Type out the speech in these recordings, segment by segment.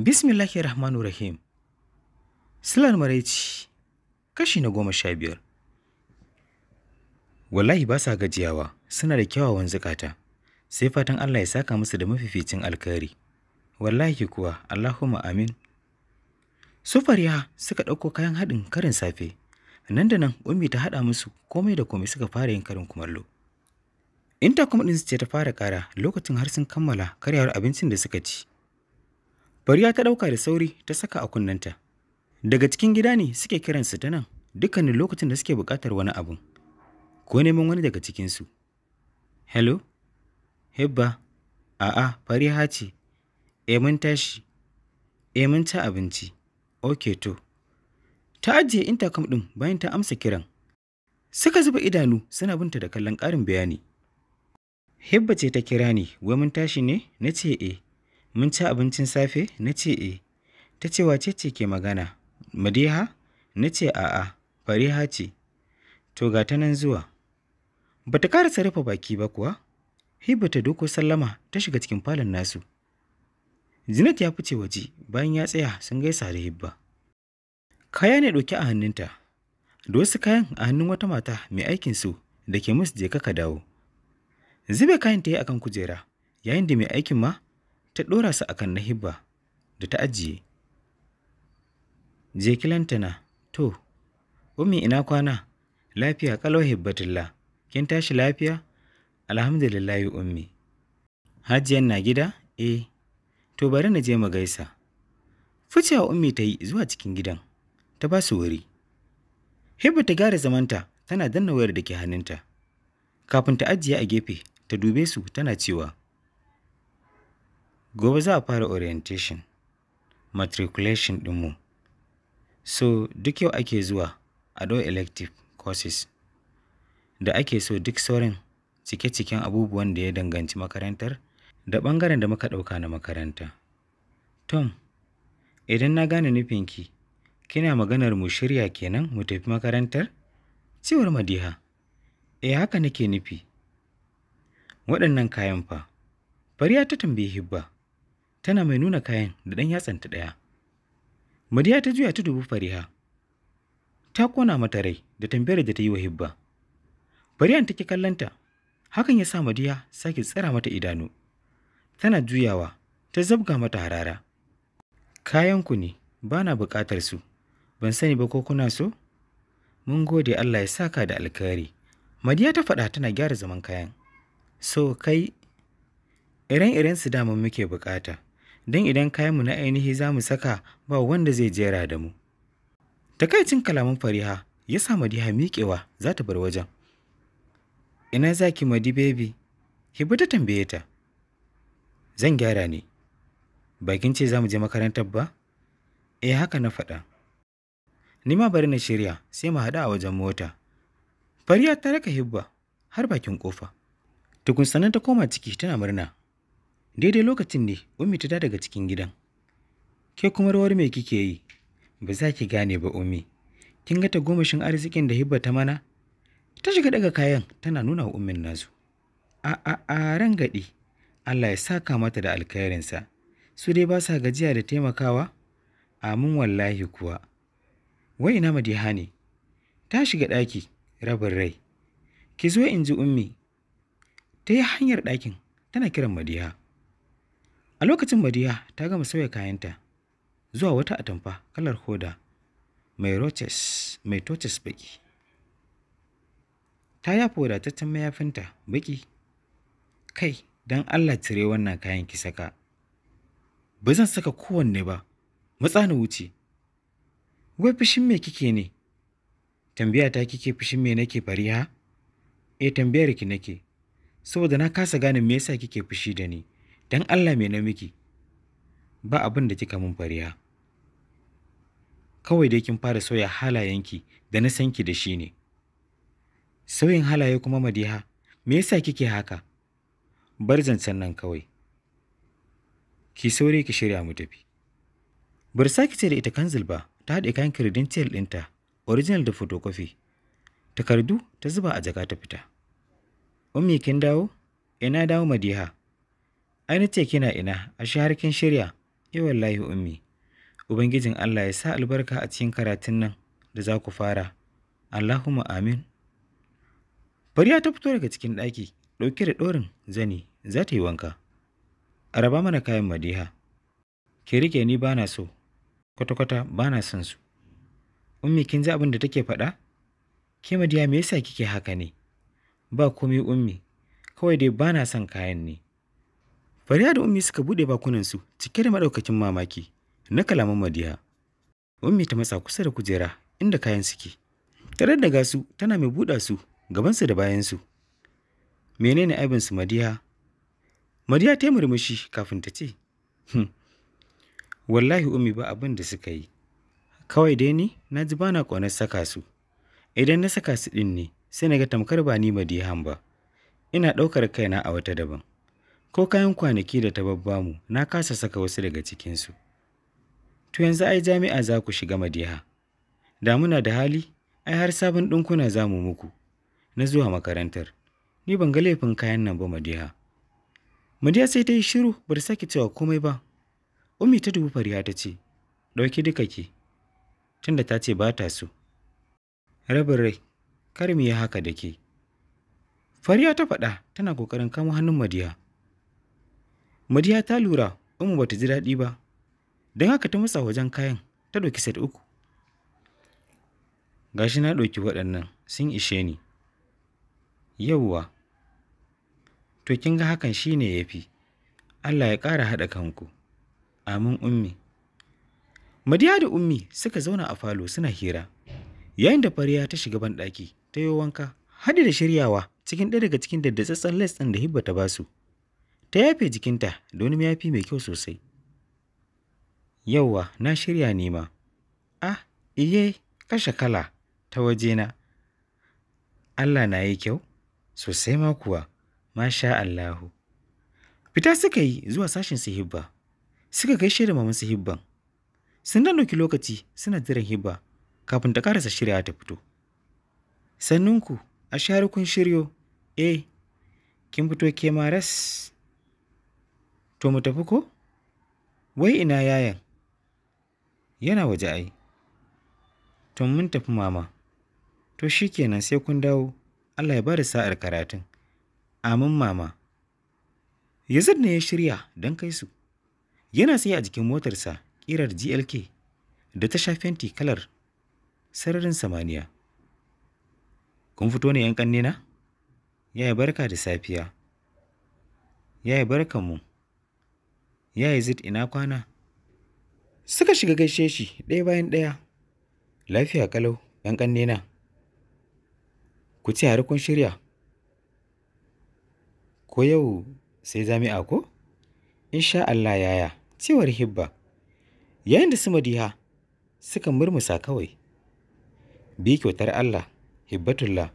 Bismillahi Rahmanu Rahim. Silar maraici kashi na goma sha biyar. Wallahi ba sa gajiyawa, suna da kyawawan zukata, sai fatan Allah ya saka musu da mafificin alkhairi. Wallahi kuwa, Allahumma amin. Sufariya suka ɗauko kayan haɗin karin safe, nan da nan umi ta haɗa musu komai da komai suka fara yin karin kumallo. Intercom kuma ɗinsu ce ta fara ƙara lokacin har sun kammala karyawar abincin da suka ci. Bariya ta ɗauka da sauri ta saka a kunnanta. Daga cikin gida ne suke kiransu ta nan dukkanin lokacin da suke buƙatar wani abu. Ko neman wani daga cikinsu. Hello? Hebba? A'a, Fariha ce. E mun tashi. E mun ci abinci. Okay to. Ta ajiye intercom ɗin bayan ta amsa kiran. Suka zuba idanu suna binta da kallon ƙarin bayani. Hibba ce ta kira ni, wai mun tashi ne? Na ce eh. Mun ci abincin safe? Na ce e Ta ce wace ce ke magana? Madiha? Na ce a'a, Fariha ce. To ga ta nan zuwa. Ba ta kara sarrafa baki ba kuwa? Hiba ta doko sallama ta shiga cikin falon nasu. Zinat ya fice waje bayan ya tsaya sun gaisa da Hibba. Kaya ne ɗauki a hannunta, da wasu kayan a hannun wata mata mai aikin su da ke musu je ka dawo. Zube kayan ta yi akan kujera, yayin da mai aikin ma ta ɗora su akan na hibba da ta ajiye je na to Umi, ina kwana lafiya kalau hibbatullah kin tashi lafiya alhamdulillahi ummi hajiyan na gida eh to bari na je mu gaisa a ummi ta yi zuwa cikin gidan ta ba su wuri hibba ta gyara zamanta tana danna wayar da ke hannunta kafin ta ajiye a gefe ta dube su tana cewa Gobe za a fara orientation, matriculation dinmu So duk yau ake zuwa a ɗau elective courses da ake so duk sauran cike-ciken abubuwan da ya danganci makarantar da ɓangaren da muka ɗauka na makaranta. Tom, idan na gane nufinki, kina maganar mu shirya kenan mu tafi makarantar? Cewar Madiha, e haka nake nufi. Waɗannan kayan fa, Fariya ta tambayi Hibba. tana mai nuna kayan da ɗan yatsanta ɗaya. Madiya ta juya ta dubi Fariha. Ta kona mata rai da tambayar da ta yi wa Hibba. Farihan take kallanta, hakan ya sa Madiya sake tsara mata idanu. Tana juyawa, ta zabga mata harara. Kayanku ne, ba na buƙatar su, ban sani ba ko kuna so? Mun gode Allah ya saka da alkhairi. Madiya ta faɗa tana gyara zaman kayan. So kai, iren iren su dama muke buƙata. don idan kayanmu na ainihi za mu saka ba wanda zai jera da mu. Takaicin kalaman fariha ya sa Madiha miƙewa za ta bar wajen. Ina za ki Madi Bebi? Hibu ta tambaye ta. Zan gyara ne. Bakin ce za mu je makarantar ba? Eh haka na faɗa. Ni ma bari na shirya sai mu haɗu a wajen mota. Fariya ta raka Hibba har bakin ƙofa. Tukun sannan ta koma ciki tana murna. daidai lokacin ne ummi ta daga cikin gidan ke kuma rawar mai kike yi ba za ki gane ba ummi kin ga ta gomashin arzikin da hibba ta mana ta shiga daga kayan tana nuna wa ummin nasu a a a ran gadi Allah ya saka mata da alkhairinsa su dai ba sa gajiya da taimakawa amin wallahi kuwa wai ina madiha ne ta shiga ɗaki rabin rai ki zo in ji ummi ta yi hanyar ɗakin tana kiran madiha a lokacin madiya ta gama sauya kayanta zuwa wata atamfa kalar hoda mai roches mai toches baki ta yafa wadataccen mayafinta baki kai don allah cire wannan kayan ki saka ba zan saka kowanne ba matsa na wuce wai fushin me kike ne tambaya ta kike fushin me nake fariha eh tambayar ki nake saboda na kasa gane me yasa kike fushi da ni Don Allah mai na miki ba abin da kika mun fariya kawai dai kin fara sauya halayenki da na sanki da shi ne sauyin halaye kuma madiha me yasa kike haka bar zancen nan kawai ki saure ki shirya mu tafi bar saki ce da ita kanzil ba ta haɗe kayan credential ɗinta orijinal da photocopy takardu ta zuba a jaka ta fita ummi kin dawo ina dawo madiha Ai ce kina ina, ashe har kin shirya. Ya wallahi ummi. Ubangijin Allah ya sa albarka a cikin karatun nan da za ku fara. Allahumma amin. Fariya ta fito daga cikin ɗaki, ɗauke da ɗorin zani, za ta yi wanka. A raba mana kayan madiha. Ki rike ni bana so, kwata-kwata bana son su. Ummi kin ji abin da take faɗa? Ke madiya me yasa kike haka ne? Ba komai ummi, kawai dai bana son kayan ne. Fariya da Ummi suka buɗe bakunansu cike da maɗaukacin mamaki na kalaman Madiya. Ummi ta matsa kusa da kujera inda kayan suke. Ta daddaga su tana mai buɗa su gabansu da bayansu. Menene aibinsu Madiya? Madiya ta yi murmushi kafin ta ce, hmm, Wallahi Ummi ba abin da suka yi. Kawai dai ni na ji bana ƙaunar saka su. Idan na saka su ɗin ne sai na ga tamkar ba ni Madihan ba. Ina ɗaukar kaina a wata daban. Ko kayan kwanaki da ta babbamu na kasa saka wasu daga cikinsu. To yanzu ai jami'a za ku shiga madiha. Da muna da hali, ai har sabon ɗinkuna za mu muku. Na zuwa makarantar. Ni ban ga laifin kayan nan ba madiha. Madiha sai ta yi shiru ba ta sake cewa komai ba. Ummi ta dubi fariya ta ce, ɗauki duka ki. Tunda ta ce ba ta so. Rabin rai, kar mu yi haka da ke. Fariya ta faɗa tana ƙoƙarin kamo hannun Madiya. Madiya ta lura Umu bata ji daɗi ba, don haka ta matsa wajen kayan ta ɗauki set uku. Gashi na ɗauki waɗannan sun ishe ni. Yawwa. to kin ga hakan shi ne ya fi, Allah ya ƙara haɗa kanku. Amin Ummi. Madiya da Ummi suka zauna a falo suna hira, yayin da fariya ta shiga banɗaki ta yi wanka, haɗe da shiryawa cikin ɗaya daga cikin daddatsatsen les ɗin da Hibba ta basu. ta yafe jikinta da wani mayafi mai kyau sosai. Yauwa na shirya nema. Ah, iye kashe kala ta wajena. Allah na yi kyau sosai ma kuwa, masha Allahu. Fita suka yi zuwa sashin su hibba, suka gaishe da maman Sihibban. hibban. Sun dan ɗauki lokaci suna jiran hibba kafin ta karasa shirya ta fito. Sannunku, a share kun shiryo, eh, kin fito ke ma ras. To mu tafi ko? Wai ina yayan? Yana waje ai. To mun tafi mama. To shi kenan sai kun dawo. Allah ya bada sa'ar karatun. Amin mama. Yazid ne ya shirya don kai su. Yana sai a jikin motarsa ƙirar GLK da ta sha fenti kalar sararin samaniya. Kun fito ne ‘yan Ya Yaya barka da safiya. Yaya barkanmu. mu. ya Yazid ina kwana? Suka shiga gaishe shi ɗaya bayan ɗaya. Lafiya kalau ‘yan ƙannena. Ku ci har kun shirya. Ko yau sai jami'a ko? Insha Allah yaya, cewar hibba. Yayin da su madiha suka murmusa kawai. Bi kyautar Allah, hibbatullah,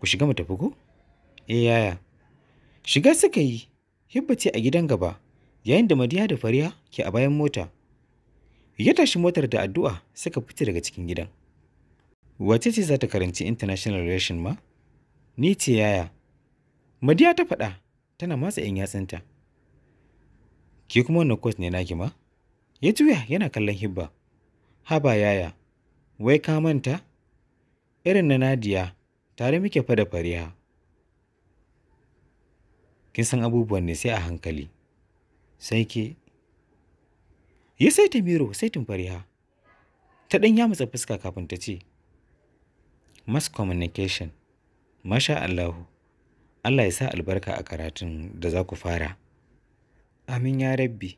ku shiga mu tafi ko? Eh yaya. Shiga suka yi, hibba ce a gidan gaba. yayin da Madiya da Fariya ke a bayan mota. Ya tashi motar da addu'a suka fita daga cikin gidan. Wace ce za ta karanci International Relation ma? Ni ce yaya. Madiya ta faɗa tana matsa ‘yan yatsunta. Ke kuma wannan kwas ne naki ma? Ya juya yana kallon hibba. Haba yaya, wai ka manta? Irin na Nadiya tare muke fada da Kin san abubuwan ne sai a hankali. sai ke ya saita miro saitin fariha ta ɗan yamutsa fuska kafin ta ce mass communication masha Allahu Allah ya sa albarka a karatun da za ku fara amin ya rabbi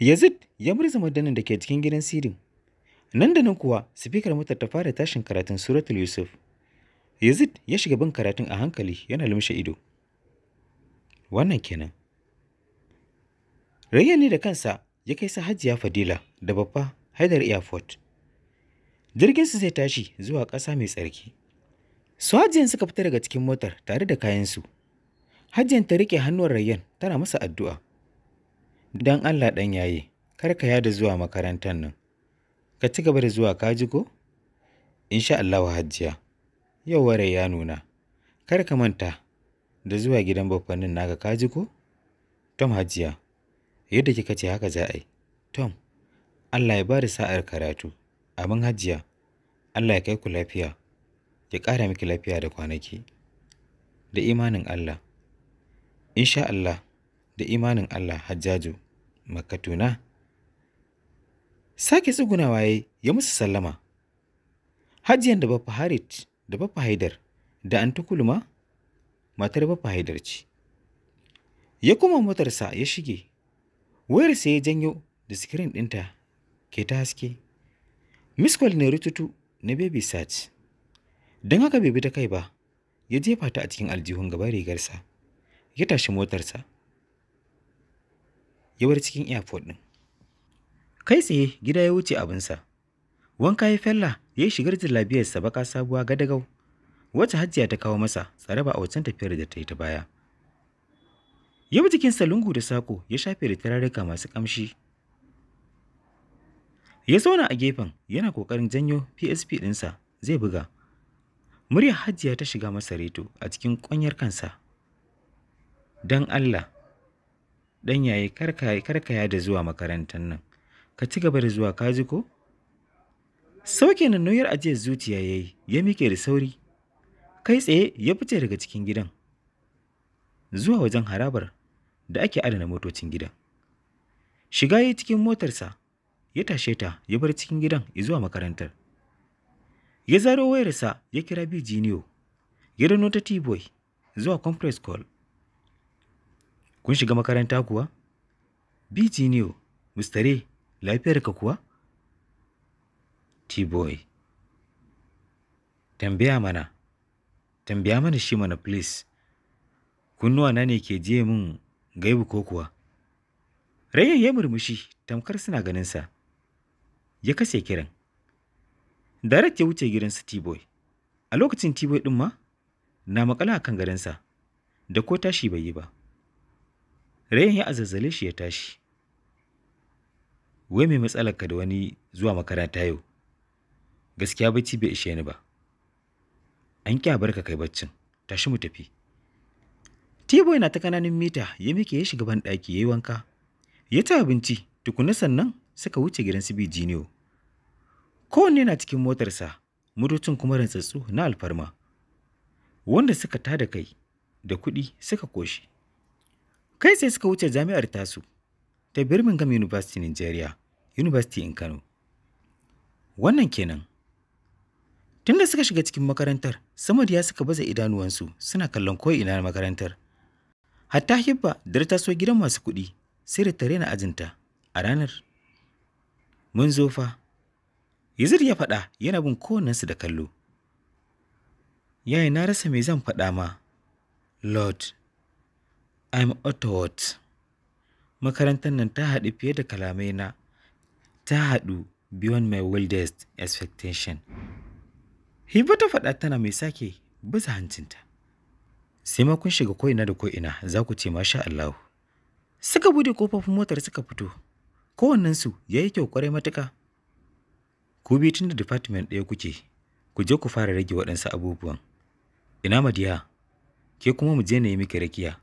Yazid ya murza madanin da ke cikin gidan sirin nan da nan kuwa sifikar motar ta fara tashin karatun suratul yusuf Yazid ya shiga bin karatun a hankali yana lumshe ido wannan kenan Rayyan ne da kansa ya kai sa Hajiya Fadila da babba Haidar Airport. Jirginsu zai tashi zuwa ƙasa mai tsarki. Su Hajiyan suka fita daga cikin motar tare da kayansu. Hajiyan ta riƙe hannuwar Rayyan tana masa addu'a. Dan Allah ɗan yaye, kar ka yada zuwa makarantar nan. Ka ci gaba da zuwa ka ji ko? Insha Allahu Hajiya. Yau ware ya nuna. Kar ka manta da zuwa gidan babbannin naka ka ji ko? Tom Hajiya. yadda kika ce haka za a yi tom allah ya ba da sa'ar karatu abin hajiya allah ya kai ku lafiya ya ƙara miki lafiya da kwanaki da imanin allah insha allah da imanin allah hajjaju makatuna sake tsugunawa ya ya musu sallama hajiyan da bafa harit da bafa haidar da an antukuluma matar bafa haidar ce ya kuma motarsa ya shige wayar sai ya janyo da sikirin ɗinta ke ta haske miss call ne rututu na baby search don haka bai bi ta kai ba ya jefa ta a cikin aljihun gaban rigarsa ya tashi motarsa ya bar cikin airport ɗin kai tsaye gida ya wuce abinsa wanka ya fella ya yi shigar jillabiyarsa baka sabuwa gadagau Wata hajjiya ta kawo masa tsare ba a wacan tafiyar da ta yi ta baya Yau jikinsa lungu da sako ya shafe da tararruka masu kamshi. Ya zauna a gefen yana ƙoƙarin janyo PSP ɗinsa zai buga. Muryar Hajiya ta shiga masa reto a cikin kwanyar kansa. Dan Allah, ɗan yaye karkaya da zuwa makarantar nan, ka ci gaba da zuwa ka ji ko? Sauke nan nauyar ajiyar zuciya ya yi, ya mike da sauri. Kai tsaye ya fice daga cikin gidan. Zuwa wajen harabar da ake adana motocin gidan. Shiga ya yi cikin motarsa, ya tashe ta ya bar cikin gidan zuwa makarantar. Ya zaro wayarsa ya kira Bijiniyo, ya dano ta T-Boy zuwa Compress call. Kun shiga makaranta kuwa? Bijiniyo, mustare, lafiyarka kuwa? T-Boy, tambaya mana, tambaya mana shi mana please. Kunnuwana ne ke je min gaibu ko kuwa Rayyan ya murmushi tamkar suna ganinsa ya kase kiran Direct ya wuce gidan su T-Boy a lokacin T-Boy ɗin ma na makala a kan garinsa da ko tashi bai yi ba Rayyan ya azazzale shi ya tashi wai mai matsalarka da wani zuwa makaranta yau gaskiya bacci bai ishe ni ba an kya ka kai baccin tashi mu tafi Teboy na ta kananan mita ya mike ya shiga banɗaki ya yi wanka. Ya ci abinci tukuna sannan suka wuce gidan su jiniyo. Kowanne na cikin motarsa, motocin kuma rantsatsu na alfarma. Wanda suka tada kai da kuɗi suka koshi. Kai sai suka wuce jami'ar tasu ta Birmingham University Nigeria, University in Kano. Wannan kenan. Tunda suka shiga cikin makarantar, Samad ya suka baza idanuwansu suna kallon ko'ina na makarantar. Hatta Hibba da ta so gidan masu kuɗi sai da tare na ajinta a ranar. Mun zo fa. Yazid ya faɗa yana bin kowannensu da kallo. Yaya na rasa me zan faɗa ma. Lord, I'm Otterwort. Makarantar nan ta haɗu fiye da kalamai na. Ta haɗu beyond my wildest expectation. Hibba ta faɗa tana mai sake baza hancinta. sai ma kun shiga ko'ina da ko'ina za ku ce masha Allahu. Suka buɗe kofofin motar suka fito, kowannensu ya yi kyau kwarai matuka. Ku bi tun da department ɗaya kuke, ku je ku fara rage waɗansu abubuwan. Ina madiya, ke kuma mu je na yi miki rakiya.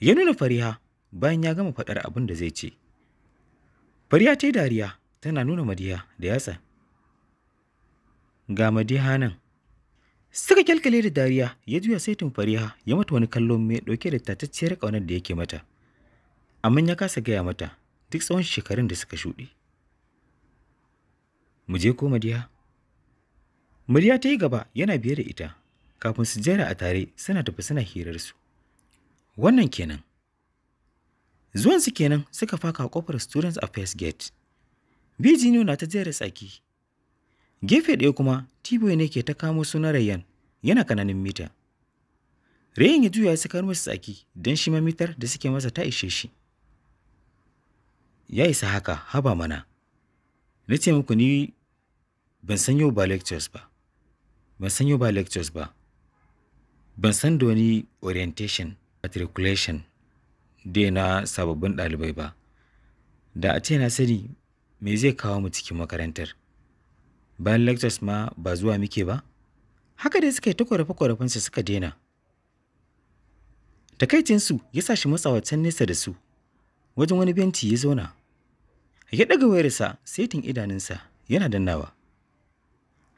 Ya nuna fariha bayan ya gama faɗar abin da zai ce. Fariha ta yi dariya tana nuna madiya da yatsa. Ga madiha nan, Suka kyalkale da dariya ya juya saitin fariha ya mata wani kallo mai ɗauke da tatacciyar ƙaunar da yake mata. Amma ya kasa gaya mata duk tsawon shekarun da suka shuɗe. Mu je ko Madiya? Madiya ta yi gaba yana biye da ita kafin su jera a tare suna tafi suna su. Wannan kenan. Zuwansu kenan suka faka kofar Students Affairs Gate. Bijinu na ta jera tsaki Gefe ɗaya kuma Tiboy ne ke ta kamo suna Rayyan yana kananin mita. Rayyan ya juya ya sakar masa tsaki don shi ma mitar da suke masa ta ishe shi. Ya isa haka haba mana. Na ce muku ni ban san yau ba lectures ba. Ban san yau ba lectures ba. Ban san da wani orientation, matriculation dai na sababbin ɗalibai ba. Da a ce na sani me zai kawo mu cikin makarantar. bayan lectures ma ba zuwa muke ba haka dai suka yi ta ƙorafe-ƙorafensu suka daina takaicinsu ya sa shi matsawacin nesa da su wajen wani benci ya zauna ya ɗaga wayarsa setin idanunsa yana dannawa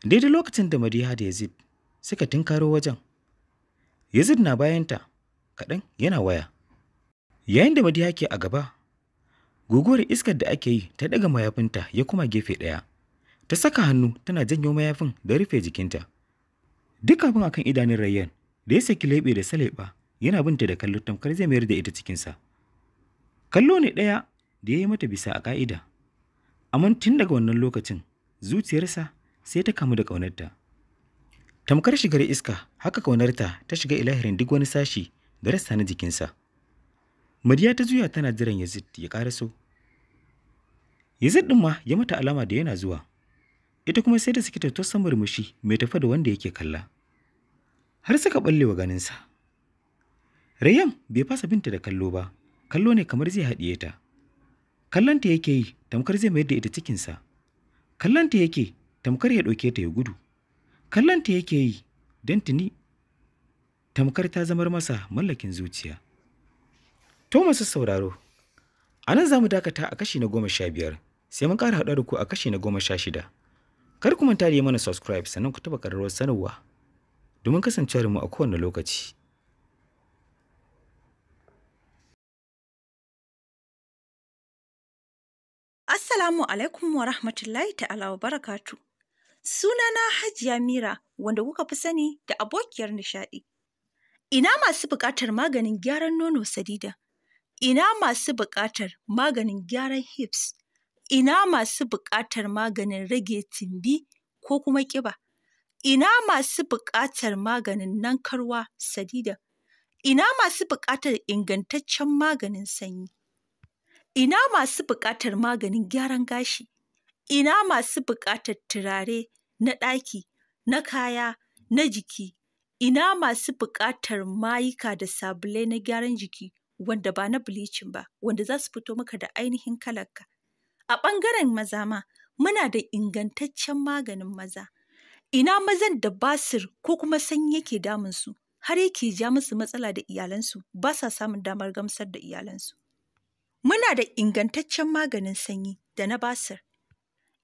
daidai lokacin da madiha da yazid suka tunkaro wajen yazid na bayanta kaɗan yana waya yayin da madiha ke a gaba guguwar iskar da ake yi ta ɗaga mayafinta ya kuma gefe ɗaya ta saka hannu tana janyo mayafin da rufe jikinta duk abin kan idanun rayyan da ya saki leɓe da saleɓa yana binta da kallo tamkar zai mayar da ita cikinsa kallo ne ɗaya da ya yi mata bisa a ƙa'ida amma tun daga wannan lokacin zuciyarsa sai ta kamu da ƙaunarta tamkar shigar iska haka ƙaunarta ta shiga ilahirin duk wani sashi da rassa na jikinsa madiya ta juya tana jiran yazid ya ƙaraso yazid ɗin ma ya mata alama da yana zuwa ita kuma sai da suke samar murmushi mai tafa da wanda yake kalla har suka balle wa ganinsa rayyan bai fasa binta da kallo ba kallo ne kamar zai haɗiye ta Kallonta yake yi tamkar zai mayar da ita cikinsa Kallonta yake tamkar ya ɗauke ta ya gudu Kallonta yake yi don tuni tamkar ta zamar masa mallakin zuciya to sauraro a nan za mu dakata a kashi na goma sha biyar sai mun ƙara haɗa da ku a kashi na goma sha shida Kar ku manta da mana subscribe sannan ku taba ƙararrawar sanarwa domin kasancewar mu a kowane lokaci. Assalamu alaikum wa rahmatullahi ta'ala wa barakatu. Sunana Hajiya Mira wanda kuka fi sani da abokiyar nishaɗi. Ina masu buƙatar maganin gyaran nono sadida? Ina masu buƙatar maganin gyaran hips? ina masu buƙatar maganin rage tumbi ko kuma ƙiba, ina masu buƙatar maganin nankarwa sadida? ina masu buƙatar ingantaccen maganin sanyi, ina masu buƙatar maganin gyaran gashi, ina masu buƙatar turare na ɗaki, na kaya, na jiki, ina masu buƙatar mayuka da sabulai na gyaran jiki wanda ba na bleaching ba, wanda za su fito maka da ainihin kalarka. A ɓangaren maza ma, muna da ingantaccen maganin maza. Ina mazan da basir ko kuma sanyi yake damunsu, har yake ja musu matsala da iyalansu, ba sa samun damar gamsar da iyalansu. Muna da ingantaccen maganin sanyi da na basir.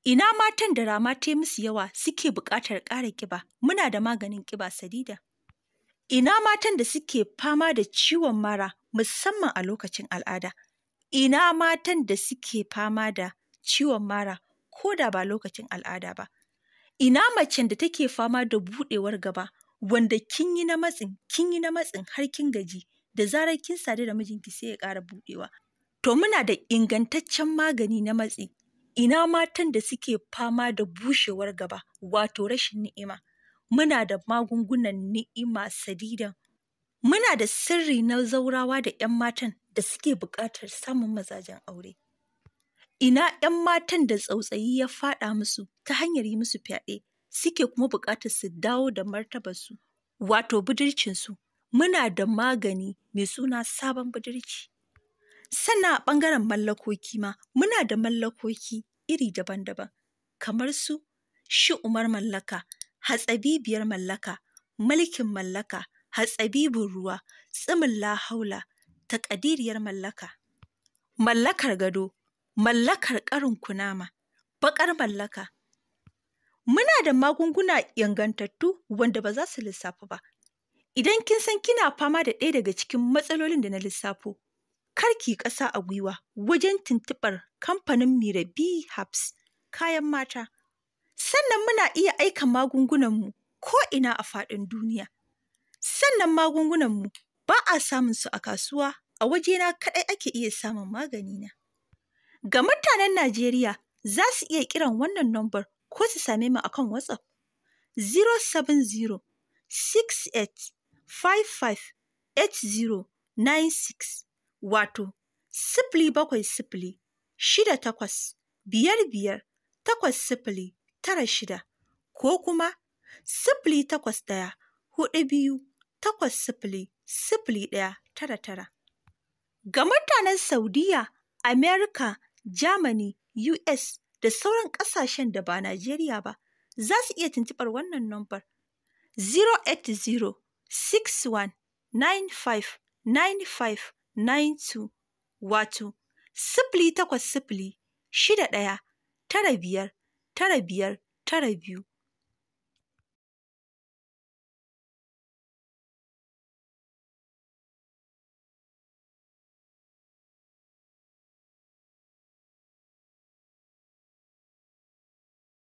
Ina matan da rama ta musu yawa suke buƙatar ƙara ƙiba, muna da maganin ƙiba sadida. Ina matan da suke fama da ciwon mara musamman a lokacin al'ada, Ina matan da suke fama da ciwon mara ko da ba lokacin al'ada ba? Ina macen da take fama da buɗewar gaba wanda kin yi na matsin, kin yi na matsin har kin gaji da zarar kin sadu da mijinki sai ya ƙara buɗewa. To muna da ingantaccen magani na matsi. Ina matan da suke fama da bushewar gaba wato rashin ni'ima. Muna da magungunan ni'ima sadidan. Muna da sirri na zaurawa da ‘yan matan da suke buƙatar samun mazajen aure. Ina ‘yan matan da tsautsayi ya faɗa musu ta hanyar yi musu fyaɗe suke kuma buƙatar su dawo da martabarsu, wato budurcinsu. Muna da magani mai suna sabon budurci. Sannan a ɓangaren mallakoki ma, muna da mallakoki iri daban-daban, kamar su shi umar mallaka, hatsabibiyar mallaka, mulkin mallaka, hatsabibin ruwa, tsimin lahaula, ta taƙadiriyar mallaka mallakar gado mallakar ƙarin kunama baƙar mallaka muna da magunguna yangantattu wanda ba za su lissafa ba idan kin san kina fama da ɗaya daga cikin matsalolin da na lissafo karki ƙasa a gwiwa wajen tuntuɓar kamfanin Mirabi b habs kayan mata sannan muna iya aika magungunanmu ko ina a faɗin duniya sannan magungunanmu ba a samun su a kasuwa, a wajena kaɗai ake iya samun magani na. Ga mutanen Najeriya za su iya kiran wannan nombar ko su same mu akan WhatsApp 070 68 55 8096 wato sifili bakwai sifili shida takwas biyar biyar takwas sifili tara shida ko kuma sifili takwas ɗaya huɗu biyu takwas sifili sifili ɗaya tara tara. Ga mutanen Saudiya, Amerika, Germany, US da sauran ƙasashen da ba Najeriya ba, za su iya tuntuɓar wannan nombar 08061959592 wato sifili takwas sifili shida ɗaya tara biyar tara biyar tara biyu